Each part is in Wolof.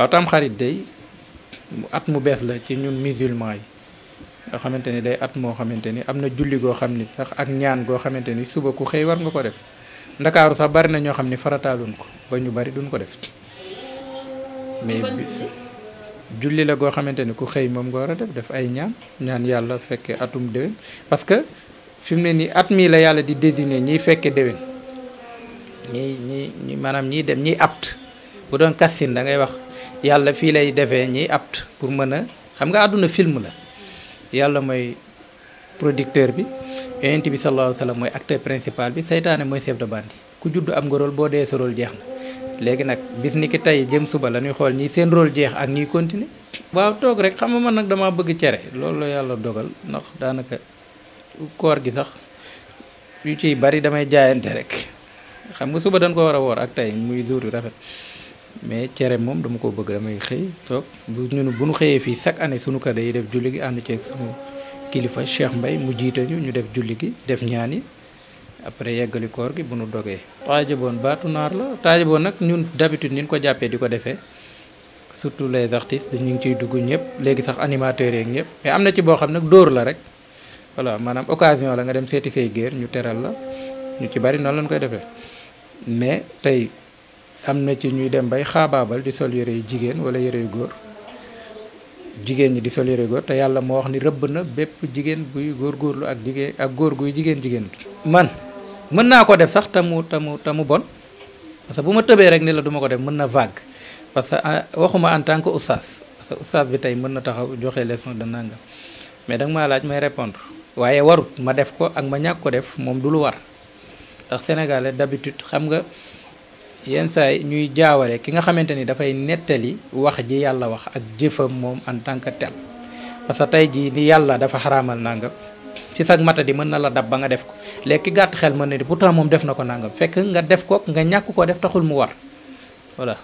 waaw tamxarit mu at mu bees la ci ñun musulman yi nga xamante ni day at moo xamante ni am na julli goo xam ni sax ak ñaan goo xamante ni suba ku xëy war nga ko def ndakaaru sax bari na ñoo xam ni farataaluñ ko ba ñu bari duñ ko def mais julli la goo xamante ni ku xëy moom nga war a def def ay ñaan ñaan yàlla fekke atum déwén parce que fi mu ne nii at mii la yàlla di désigné ñiy fekke déwén ñi ñi ñi maanaam ñiy dem ñiy at bu doon kassin da ngay wax yàlla fii lay defee ñii apte pour mën a xam nga àdduna film la yàlla mooy producteur bi yonent bi sallallahu alayhi mooy acteur principal bi seytaane mooy chef de bande ku judd am nga rôle boo dee sa rôle jeex na léegi nag bis ni ki tey jëm suba la ñuy xool ñii seen rôle jeex ak ñuy continuer waaw toog rek xam nga man nag damaa bëgg cere loolu la yàlla dogal ndax daanaka koor gi sax yu ci bari damay jaayante rek xam nga suba dañ ko war a woor ak tey muy jour yu rafet mais cere moom dama ko bëgg damay xëy toog bu nu bu ñu xëyee fii chaque année sunu kër yi def julli gi ànd ceeg sunu kilifa Cheikh mbay mu jiite ñu ñu def julli gi def ñaan yi après yeggali koor gi bu nu dogee. taajaboon baatu naar la taajaboon nag ñu d'habitude ni nu ko jàppee di ko defee surtout les artistes ñu ngi ciy dugg ñëpp léegi sax animateurs yeeg ñëpp mais am na ci boo xam nag dóor la rek voilà maanaam occasion la nga dem seeti say géer ñu teral la ñu ci bari noonu lañ koy defee mais am na ci ñuy dem bay xaabaabal di sol yére yu jigéen wala yére yu góor jigéen ñi di sol yére góor te yàlla moo wax ni rëbb na bépp jigéen buy góorgóorlu ak jigéen ak góor guy jigéen jigéen man mën naa ko def sax tamu tamu tamu bon parce que bu ma tëbee rek ni la duma ko def mën na vague parce que ah, waxuma en tant que oustaz parce que oustaz bi tey mën na taxaw joxe leçon de nangam mais danga maa laaj may répondre waaye warut ma def ko ak ma ñàkk ko def moom du lu war yenn saa yi ñuy jaawale ki nga xamante ni dafay nettali wax ji yàlla wax ak jëfam moom en tant que tel parce que tey jii ni yàlla dafa xaraamal nangam ci sag mata di mën na la dab ba nga def ko lekki gàtt xel mën na ni pourtant moom def na ko nangam fekk nga def ko nga ñàkk ko def taxul mu war voilà.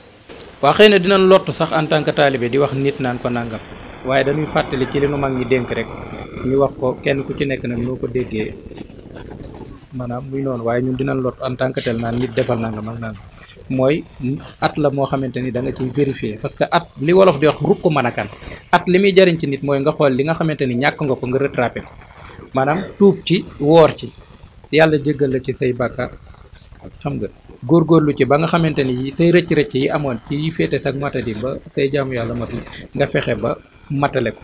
waa xëy na dinañ lottu sax en tant que taalibe di wax nit naan ko nangam waaye dañuy fàttali ci li nu mag ñi dénk rek ñu wax ko kenn ku ci nekk nag noo ko déggee maanaam muy noonu waaye ñun dinañ lottu en tant que tel naan nit defal nangam ak nangam. mooy at la moo xamante ni da nga ciy vérifier parce que at li wolof di wax rukk mën a kan at li muy jariñ ci nit mooy nga xool li nga xamante ni ñàkk nga ko nga rattrapé ko maanaam tuub ci woor ci yàlla jéggal la ci say bàkkaar xam nga góor góorgóorlu ci ba nga xamante ni say rëcc-rëcc yi amoon ci féete sag matadi ba say jaamu yàlla matul nga fexe ba matale ko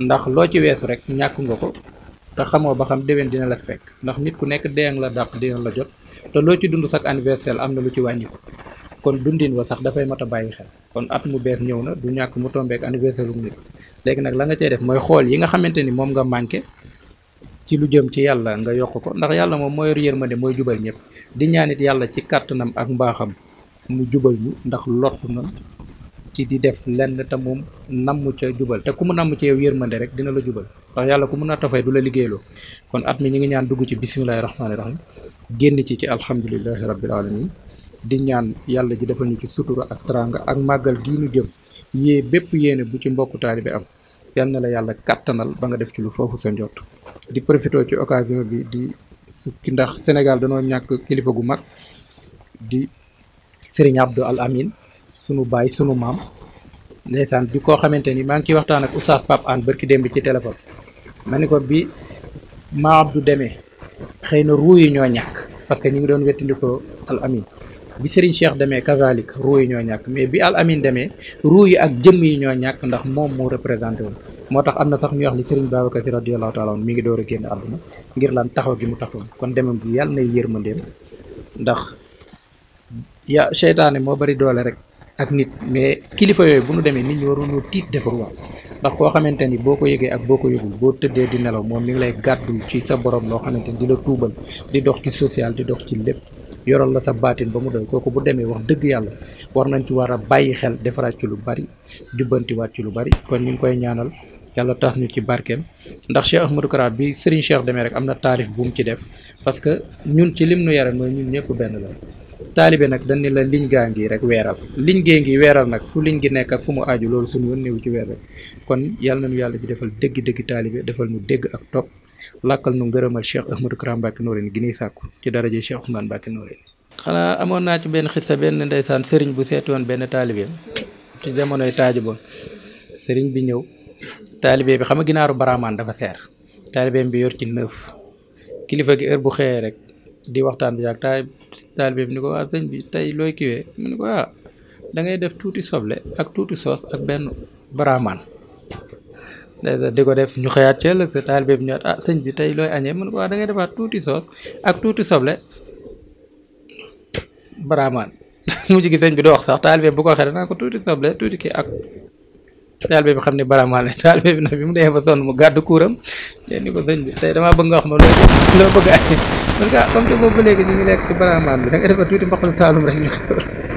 ndax loo ci weesu rek ñàkk nga ko te xamoo ba xam déwén dina la fekk ndax nit ku nekk deeng la dàq dina la jot te loo ci dund sax anniversaire am na lu ci wàññiku kon dundin wa sax dafay mat a bàyyi xel kon at mu bees ñëw na du ñàkk mu tombeek anniversaire lu nit léegi nag la nga cee def mooy xool yi nga xamante ni moom nga manqué ci lu jëm ci yàlla nga yokk ko ndax yàlla moom moo yor yërmande mooy jubal ñëpp di ñaanit yàlla ci kàttanam ak mbaaxam mu jubal ñu ndax lott na ci di def lenn te moom namm ca jubal te ku mu namm ci yow yërmande rek dina la jubal ndax yàlla ku mun a tafay du la liggéeyloo kon at mi ñu ngi ñaan dugg ci bisimilahi rahmaani rahim génn ci ci alhamdulilahi rabbil alamin di ñaan yàlla ji defal ñu ci sutura ak teraanga ak màggal gii nu jëm yée bépp yéene bu ci mbokku taalibe am yal la yàlla kàttanal ba nga def ci lu foofu sa njott di profito ci occasion bi di sukki ndax Sénégal danoo ñàkk kilifa gu mag di Serigne Abdou sunu baay sunu maam ndeysaan bi koo xamante ni maa ngi ciy waxtaan ak oustaz Pape Hann barki démb ci téléphone ma ni ko bi maa Abdou demee xëy na ruu yi ñoo ñàkk parce que ñu ngi doon wettandikoo al amin bi Serigne Cheikh demee kazalik ruu yi ñoo ñàkk mais bi al amin demee ruu yi ak jëmm yi ñoo ñàkk ndax moom moo représenté woon moo tax am na sax ñuy wax li Serigne Babacar Sy radiyallahu taala mi ngi door génn àdduna ngir lan taxaw gi mu taxawoon kon demam bi yàlla nay yërmandeem ndax ya seytaane moo bari doole rek ak nit mais kilifa yooyu bu nu demee nit ñi waroon tiit defaruwaat ndax koo xamante ni boo ko yëgee ak boo ko yëgul boo tëddee di nelaw moom mi ngi lay gàddul ci sa borom loo xamante ni di la tuubal di dox ci social di dox ci lépp yoroon la sa baatin ba mu doy kooku bu demee wax dëgg yàlla war nañ ci war a bàyyi xel defaraat ci lu bari jubbantiwaat ci lu bari kon ñu ngi koy ñaanal yàlla tas ñu ci barkeem ndax Cheikh Ahmadou Kara bi Serigne Cheikh demee rek am na taarif bu mu ci def parce que ñun ci lim nu yare mooy ñun ñëpp benn la taalibe nag dañ ne la liñ gaa ngi rek weeral liñ gée ngi weeral nag fu liñ gi nekk ak fu mu aaju loolu suñu yoon néew ci weer rek kon yàlla nañu yàlla ji defal dégg-dégg taalibe defal nu dégg ak topp làkkal nu ngërëmal Cheikh Ahmadou Kara Mbacké Noreyni gi nuy sàkku ci daraje Cheikh Ousmane Mbacké Noreyni xanaa amoon naa ci benn sa benn ndeysaan sëriñ bu seetoon benn taalibe ci jamonoy taaju ba sëriñ bi ñëw taalibe bi xam a ginaaru baraamaan dafa seer kilifa gi bu xëyee rek di waxtaan bi ak taal bi ni ko ah sëñ bi tey looy kiwee ah, ngay def tuuti soble ak tuuti soos ak benn baraamaan ko def ñu xëyaat ci ëllëg ah, bi tey looy añee mu ni ko ah, defaat tuuti soos ak tuuti soble baraamaan mujj gi sëñ bi doo wax sax taalibe bu ko xere naa ko tuuti soble tuuti kii ak taalibe bi xam ne baraamaan la taalibe bi nag bi mu dee ba sonn mu gàddu kuuram leen ni ko sëñ bi tey damaa bëgg nga wax ma loo loo añee kon ka comme que boobu ba léegi ñu ngi nekk ci baramaan nga defar tuuti mbaqul saalum rek